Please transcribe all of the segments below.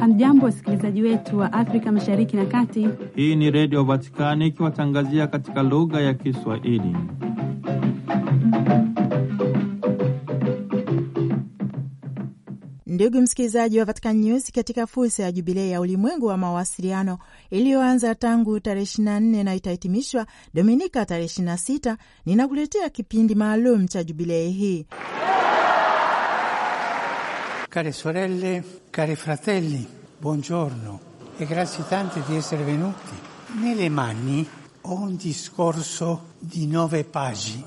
Hamjambo, wasikilizaji wetu wa Afrika Mashariki na Kati. Hii ni Redio Vatikani ikiwatangazia katika lugha ya Kiswahili. Ndugu msikilizaji wa Vatican News, katika fursa ya jubilei ya ulimwengu wa mawasiliano iliyoanza tangu tarehe 24 na itahitimishwa Dominika tarehe 26, ninakuletea kipindi maalum cha jubilei hii Care sorelle, cari fratelli, buongiorno e grazie tante di essere venuti. Nelle mani ho un discorso di nove pagine.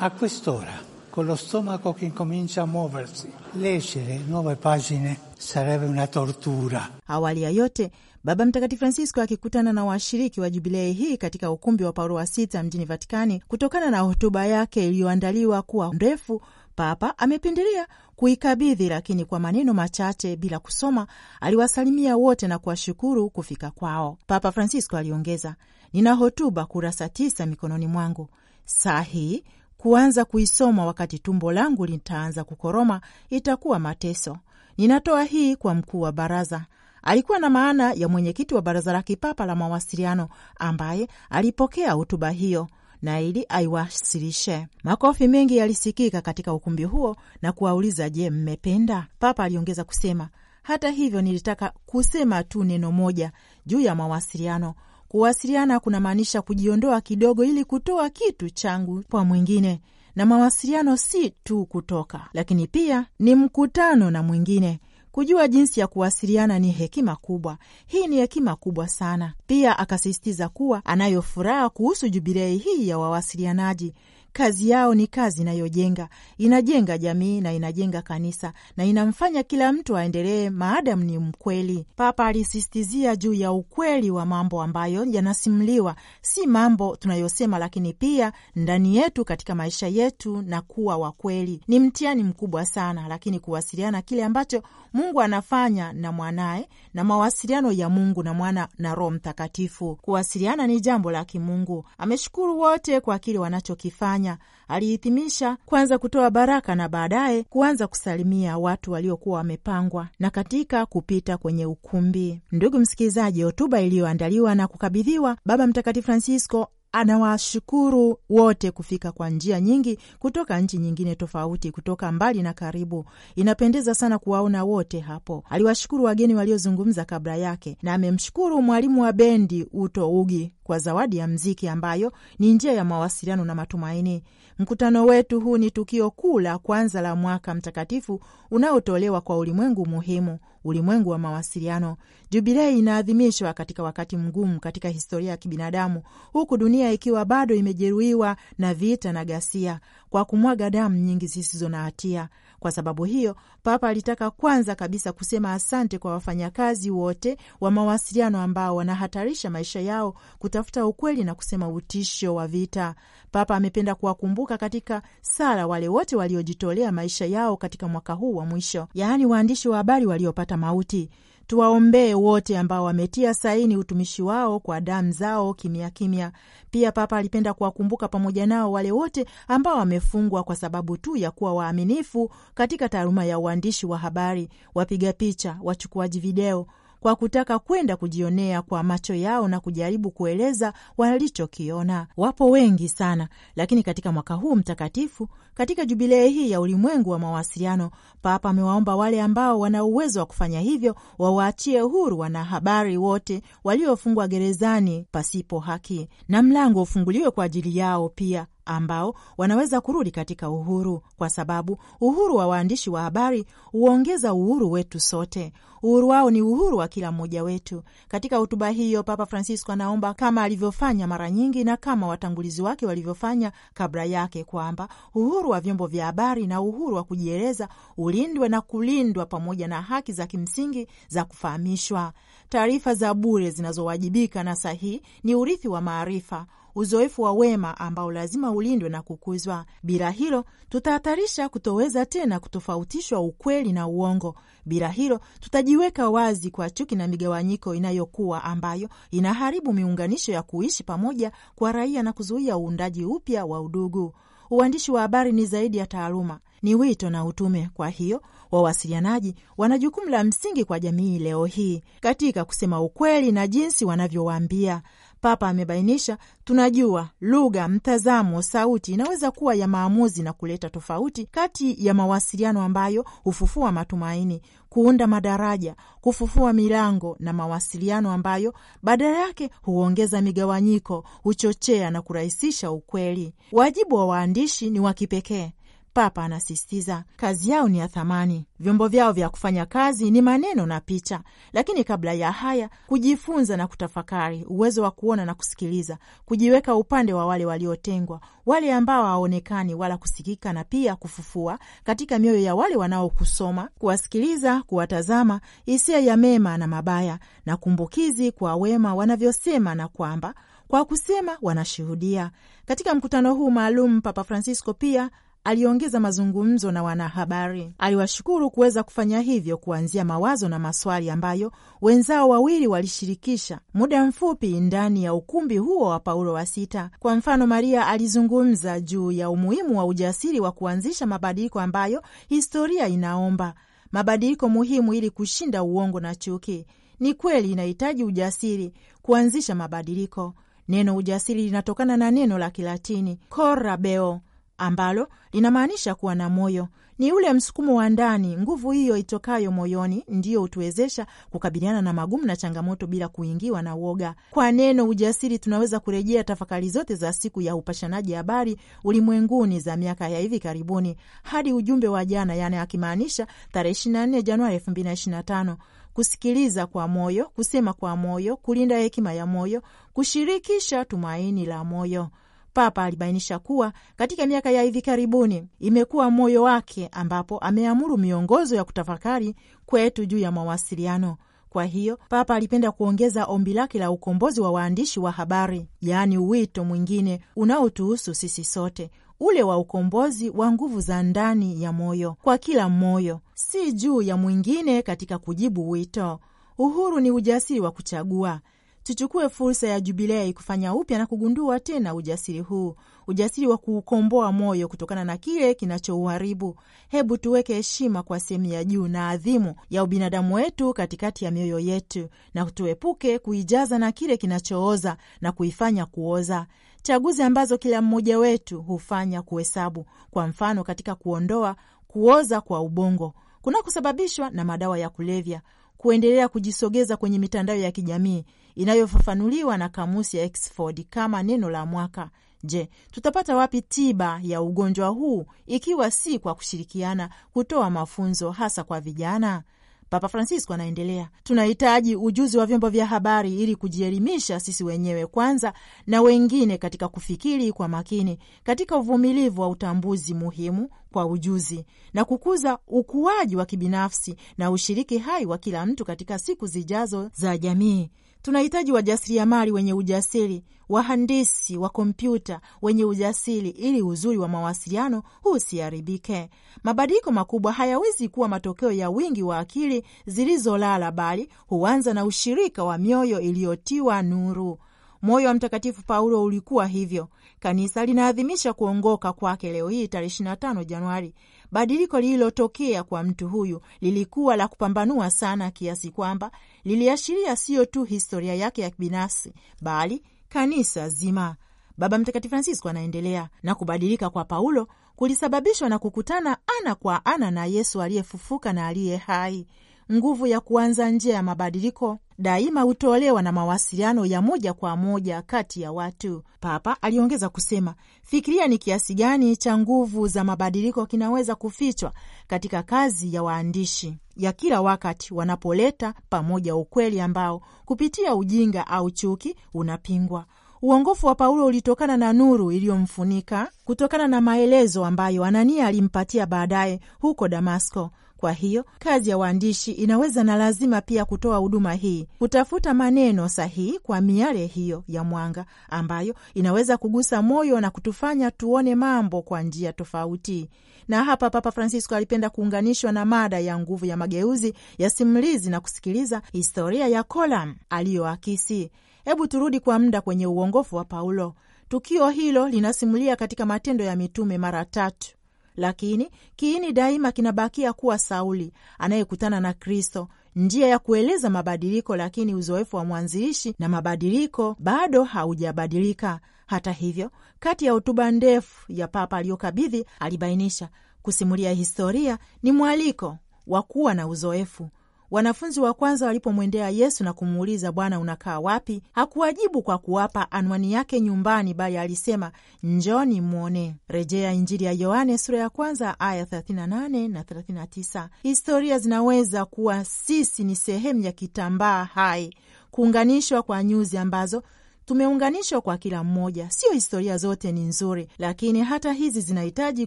A quest'ora, con lo stomaco che incomincia a muoversi, leggere nove pagine sarebbe una tortura. Awali ya yote, Baba Mtakatifu Francisco akikutana na washiriki wa jubilei hii katika ukumbi wa Paulo wa sita mjini Vatikani, kutokana na hotuba yake iliyoandaliwa kuwa ndefu Papa amependelea kuikabidhi, lakini kwa maneno machache bila kusoma aliwasalimia wote na kuwashukuru kufika kwao. Papa Francisco aliongeza, nina hotuba kurasa tisa mikononi mwangu saa hii kuanza kuisoma wakati tumbo langu litaanza kukoroma itakuwa mateso. Ninatoa hii kwa mkuu wa baraza. Alikuwa na maana ya mwenyekiti wa baraza la kipapa la mawasiliano ambaye alipokea hotuba hiyo na ili aiwasilishe. Makofi mengi yalisikika katika ukumbi huo na kuwauliza, je, mmependa? Papa aliongeza kusema, hata hivyo nilitaka kusema tu neno moja juu ya mawasiliano. Kuwasiliana kunamaanisha kujiondoa kidogo ili kutoa kitu changu kwa mwingine, na mawasiliano si tu kutoka, lakini pia ni mkutano na mwingine Kujua jinsi ya kuwasiliana ni hekima kubwa, hii ni hekima kubwa sana. Pia akasisitiza kuwa anayo furaha kuhusu jubilei hii ya wawasilianaji Kazi yao ni kazi inayojenga, inajenga jamii na inajenga kanisa na inamfanya kila mtu aendelee, maadamu ni mkweli. Papa alisisitizia juu ya ukweli wa mambo ambayo yanasimuliwa, si mambo tunayosema, lakini pia ndani yetu, katika maisha yetu, na kuwa wakweli. Ni mtihani mkubwa sana, lakini kuwasiliana kile ambacho Mungu anafanya na mwanaye na mawasiliano ya Mungu na mwana na Roho Mtakatifu, kuwasiliana ni jambo la kimungu. Ameshukuru wote kwa kile wanachokifanya 하느냐 Alihitimisha kwanza kutoa baraka na baadaye kuanza kusalimia watu waliokuwa wamepangwa na katika kupita kwenye ukumbi. Ndugu msikilizaji, hotuba iliyoandaliwa na kukabidhiwa Baba Mtakatifu Francisco anawashukuru wote kufika kwa njia nyingi kutoka nchi nyingine tofauti, kutoka mbali na karibu. Inapendeza sana kuwaona wote hapo. Aliwashukuru wageni waliozungumza kabla yake, na amemshukuru mwalimu wa bendi Uto Ugi kwa zawadi ya mziki ambayo ni njia ya mawasiliano na matumaini. Mkutano wetu huu ni tukio kuu la kwanza la mwaka mtakatifu unaotolewa kwa ulimwengu muhimu, ulimwengu wa mawasiliano. Jubilei inaadhimishwa katika wakati mgumu katika historia ya kibinadamu, huku dunia ikiwa bado imejeruhiwa na vita na ghasia, kwa kumwaga damu nyingi zisizo na hatia kwa sababu hiyo, Papa alitaka kwanza kabisa kusema asante kwa wafanyakazi wote wa mawasiliano ambao wanahatarisha maisha yao kutafuta ukweli na kusema utisho wa vita. Papa amependa kuwakumbuka katika sala wale wote waliojitolea maisha yao katika mwaka huu wa mwisho, yaani waandishi wa habari waliopata mauti. Tuwaombee wote ambao wametia saini utumishi wao kwa damu zao kimya kimya. Pia Papa alipenda kuwakumbuka pamoja nao wale wote ambao wamefungwa kwa sababu tu ya kuwa waaminifu katika taaluma ya uandishi wa habari, wapiga picha, wachukuaji video kwa kutaka kwenda kujionea kwa macho yao na kujaribu kueleza walichokiona. Wapo wengi sana, lakini katika mwaka huu mtakatifu, katika jubilei hii ya ulimwengu wa mawasiliano, Papa amewaomba wale ambao wana uwezo wa kufanya hivyo wawaachie huru wanahabari wote waliofungwa gerezani pasipo haki, na mlango ufunguliwe kwa ajili yao pia ambao wanaweza kurudi katika uhuru, kwa sababu uhuru wa waandishi wa habari huongeza uhuru wetu sote. Uhuru wao ni uhuru wa kila mmoja wetu. Katika hotuba hiyo, Papa Francisco anaomba kama alivyofanya mara nyingi na kama watangulizi wake walivyofanya kabla yake, kwamba uhuru wa vyombo vya habari na uhuru wa kujieleza ulindwe na kulindwa pamoja na haki za kimsingi za kufahamishwa. Taarifa za bure zinazowajibika na sahihi ni urithi wa maarifa uzoefu wa wema ambao lazima ulindwe na kukuzwa. Bila hilo, tutahatarisha kutoweza tena kutofautishwa ukweli na uongo. Bila hilo, tutajiweka wazi kwa chuki na migawanyiko inayokuwa ambayo inaharibu miunganisho ya kuishi pamoja kwa raia na kuzuia uundaji upya wa udugu. Uandishi wa habari ni zaidi ya taaluma, ni wito na utume. Kwa hiyo wawasilianaji wana jukumu la msingi kwa jamii leo hii katika kusema ukweli na jinsi wanavyowaambia. Papa amebainisha, tunajua lugha, mtazamo, sauti inaweza kuwa ya maamuzi na kuleta tofauti kati ya mawasiliano ambayo hufufua matumaini, kuunda madaraja, kufufua milango na mawasiliano ambayo badala yake huongeza migawanyiko, huchochea na kurahisisha ukweli. Wajibu wa waandishi ni wa kipekee. Papa anasisitiza kazi yao ni ya thamani, vyombo vyao vya kufanya kazi ni maneno na picha. Lakini kabla ya haya, kujifunza na kutafakari, uwezo wa kuona na kusikiliza, kujiweka upande wa wale waliotengwa, wale ambao hawaonekani wala kusikika, na pia kufufua katika mioyo ya wale wanaokusoma, kuwasikiliza, kuwatazama, hisia ya mema na mabaya, na kumbukizi kwa wema wanavyosema na kwamba kwa kusema wanashuhudia. Katika mkutano huu maalum, Papa Francisco pia aliongeza mazungumzo na wanahabari. Aliwashukuru kuweza kufanya hivyo, kuanzia mawazo na maswali ambayo wenzao wawili walishirikisha muda mfupi ndani ya ukumbi huo wa Paulo wa Sita. Kwa mfano, Maria alizungumza juu ya umuhimu wa ujasiri wa kuanzisha mabadiliko ambayo historia inaomba, mabadiliko muhimu ili kushinda uongo na chuki. Ni kweli inahitaji ujasiri kuanzisha mabadiliko. Neno ujasiri linatokana na neno la Kilatini korabeo ambalo linamaanisha kuwa na moyo. Ni ule msukumo wa ndani, nguvu hiyo itokayo moyoni ndiyo hutuwezesha kukabiliana na magumu na changamoto bila kuingiwa na woga. Kwa neno ujasiri, tunaweza kurejea tafakari zote za siku ya upashanaji habari ulimwenguni za miaka ya hivi karibuni hadi ujumbe wa jana, yani akimaanisha tarehe 24 Januari 2025 kusikiliza kwa moyo, kusema kwa moyo, kulinda hekima ya moyo, kushirikisha tumaini la moyo. Papa alibainisha kuwa katika miaka ya hivi karibuni imekuwa moyo wake, ambapo ameamuru miongozo ya kutafakari kwetu juu ya mawasiliano. Kwa hiyo Papa alipenda kuongeza ombi lake la ukombozi wa waandishi wa habari, yaani wito mwingine unaotuhusu sisi sote, ule wa ukombozi wa nguvu za ndani ya moyo kwa kila mmoyo, si juu ya mwingine. Katika kujibu wito, uhuru ni ujasiri wa kuchagua tuchukue fursa ya Jubilei kufanya upya na kugundua tena ujasiri huu, ujasiri wa kuukomboa moyo kutokana na kile kinachouharibu. Hebu tuweke heshima kwa sehemu ya juu na adhimu ya ubinadamu wetu katikati ya mioyo yetu, na tuepuke kuijaza na kile kinachooza na kuifanya kuoza. Chaguzi ambazo kila mmoja wetu hufanya kuhesabu, kwa mfano katika kuondoa kuoza kwa ubongo kunakosababishwa na madawa ya kulevya, kuendelea kujisogeza kwenye mitandao ya kijamii inayofafanuliwa na kamusi ya Oxford kama neno la mwaka. Je, tutapata wapi tiba ya ugonjwa huu ikiwa si kwa kushirikiana kutoa mafunzo hasa kwa vijana? Papa Francisco anaendelea, tunahitaji ujuzi wa vyombo vya habari ili kujielimisha sisi wenyewe kwanza na wengine katika kufikiri kwa makini, katika uvumilivu wa utambuzi muhimu kwa ujuzi na kukuza ukuaji wa kibinafsi na ushiriki hai wa kila mtu katika siku zijazo za jamii. Tunahitaji wajasiriamali wenye ujasiri, wahandisi wa kompyuta wenye ujasiri, ili uzuri wa mawasiliano huu usiharibike. Mabadiliko makubwa hayawezi kuwa matokeo ya wingi wa akili zilizolala, bali huanza na ushirika wa mioyo iliyotiwa nuru. Moyo wa Mtakatifu Paulo ulikuwa hivyo. Kanisa linaadhimisha kuongoka kwake leo hii tarehe 25 Januari. Badiliko lililotokea kwa mtu huyu lilikuwa la kupambanua sana, kiasi kwamba liliashiria siyo tu historia yake ya kibinafsi, bali kanisa zima. Baba Mtakatifu Francisco anaendelea na kubadilika kwa Paulo kulisababishwa na kukutana ana kwa ana na Yesu aliyefufuka na aliye hai, nguvu ya kuanza njia ya mabadiliko daima hutolewa na mawasiliano ya moja kwa moja kati ya watu. Papa aliongeza kusema, fikiria ni kiasi gani cha nguvu za mabadiliko kinaweza kufichwa katika kazi ya waandishi ya kila wakati wanapoleta pamoja ukweli ambao kupitia ujinga au chuki unapingwa. Uongofu wa Paulo ulitokana na nuru iliyomfunika kutokana na maelezo ambayo Anania alimpatia baadaye huko Damasko. Kwa hiyo kazi ya waandishi inaweza na lazima pia kutoa huduma hii, kutafuta maneno sahihi kwa miale hiyo ya mwanga ambayo inaweza kugusa moyo na kutufanya tuone mambo kwa njia tofauti. Na hapa Papa Francisco alipenda kuunganishwa na mada ya nguvu ya mageuzi ya simulizi na kusikiliza historia ya Kolam aliyoakisi. Hebu turudi kwa muda kwenye uongofu wa Paulo. Tukio hilo linasimulia katika Matendo ya Mitume mara tatu lakini kiini daima kinabakia kuwa Sauli anayekutana na Kristo, njia ya kueleza mabadiliko, lakini uzoefu wa mwanzilishi na mabadiliko bado haujabadilika. Hata hivyo, kati ya hotuba ndefu ya Papa aliyokabidhi, alibainisha kusimulia historia ni mwaliko wa kuwa na uzoefu Wanafunzi wa kwanza walipomwendea Yesu na kumuuliza Bwana, unakaa wapi? Hakuwajibu kwa kuwapa anwani yake nyumbani, bali alisema njoni mwone. Rejea Injili ya Yohane sura ya kwanza aya 38 na 39. Historia zinaweza kuwa sisi ni sehemu ya kitambaa hai, kuunganishwa kwa nyuzi ambazo tumeunganishwa kwa kila mmoja. Sio historia zote ni nzuri, lakini hata hizi zinahitaji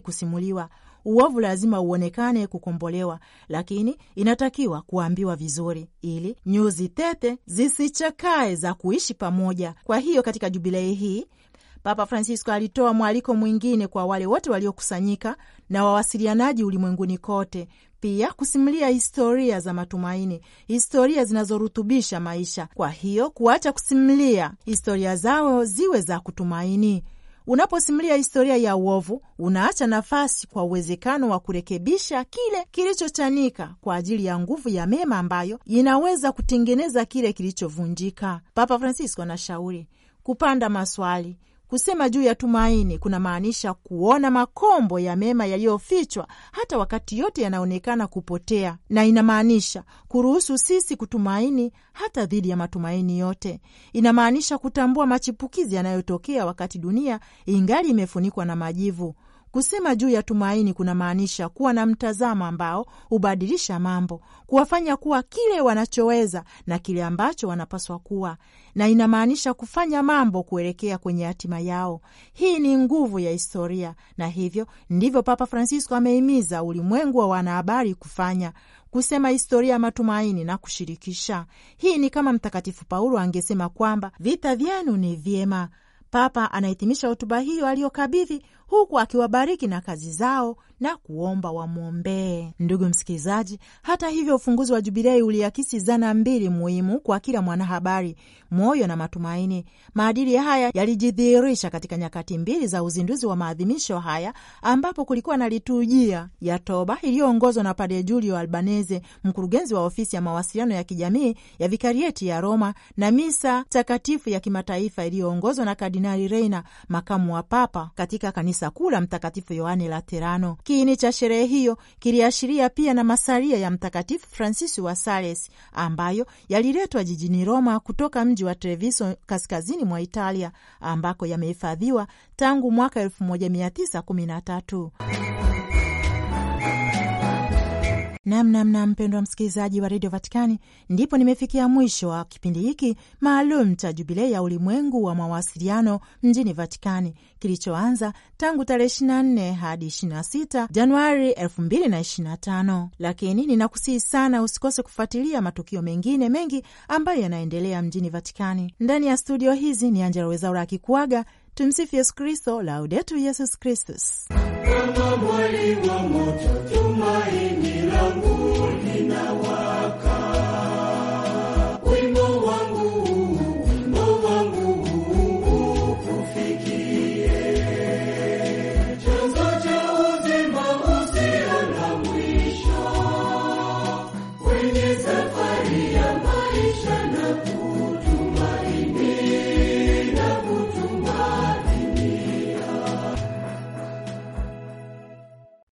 kusimuliwa. Uovu lazima uonekane kukombolewa, lakini inatakiwa kuambiwa vizuri, ili nyuzi tete zisichakae za kuishi pamoja. Kwa hiyo katika jubilei hii Papa Francisco alitoa mwaliko mwingine kwa wale wote waliokusanyika na wawasilianaji ulimwenguni kote, pia kusimulia historia za matumaini, historia zinazorutubisha maisha. Kwa hiyo kuacha kusimulia historia zao ziwe za kutumaini Unaposimulia historia ya uovu, unaacha nafasi kwa uwezekano wa kurekebisha kile kilichochanika kwa ajili ya nguvu ya mema ambayo inaweza kutengeneza kile kilichovunjika. Papa Francisco anashauri kupanda maswali, Kusema juu ya tumaini kunamaanisha kuona makombo ya mema yaliyofichwa hata wakati yote yanaonekana kupotea, na inamaanisha kuruhusu sisi kutumaini hata dhidi ya matumaini yote. Inamaanisha kutambua machipukizi yanayotokea wakati dunia ingali imefunikwa na majivu. Kusema juu ya tumaini kunamaanisha kuwa na mtazamo ambao hubadilisha mambo, kuwafanya kuwa kile wanachoweza na kile ambacho wanapaswa kuwa, na inamaanisha kufanya mambo kuelekea kwenye hatima yao. Hii ni nguvu ya historia, na hivyo ndivyo Papa Francisco amehimiza ulimwengu wa wanahabari kufanya kusema historia ya matumaini na kushirikisha. Hii ni kama Mtakatifu Paulo angesema kwamba vita vyenu ni vyema Papa anahitimisha hotuba hiyo aliyokabidhi huku akiwabariki na kazi zao na kuomba wamwombee. Ndugu msikilizaji, hata hivyo, ufunguzi wa Jubilei uliakisi zana mbili muhimu kwa kila mwanahabari: moyo na matumaini. Maadili haya yalijidhihirisha katika nyakati mbili za uzinduzi wa maadhimisho haya, ambapo kulikuwa na liturujia ya toba iliyoongozwa na Padre Julio Albanese, mkurugenzi wa ofisi ya mawasiliano ya kijamii ya vikarieti ya Roma, na misa takatifu ya kimataifa iliyoongozwa na Kardinali Reina, makamu wa Papa, katika kanisa kuu la Mtakatifu Yohane Laterano. Kiini cha sherehe hiyo kiliashiria pia na masalia ya Mtakatifu Fransisi wa Sales ambayo yaliletwa jijini Roma kutoka mji wa Treviso kaskazini mwa Italia, ambako yamehifadhiwa tangu mwaka 1913. Namnamna mpendwa msikilizaji wa redio Vatikani, ndipo nimefikia mwisho wa kipindi hiki maalum cha jubilei ya ulimwengu wa mawasiliano mjini Vatikani kilichoanza tangu tarehe 24 hadi 26 Januari 2025. Lakini ninakusihi sana usikose kufuatilia matukio mengine mengi ambayo yanaendelea mjini Vatikani. Ndani ya studio hizi ni Anjela Wezaura akikuaga. Tumsifu Yesu Kristo, laudetu Yesus Kristus kama mwali wa moto, tumaini langu linawaka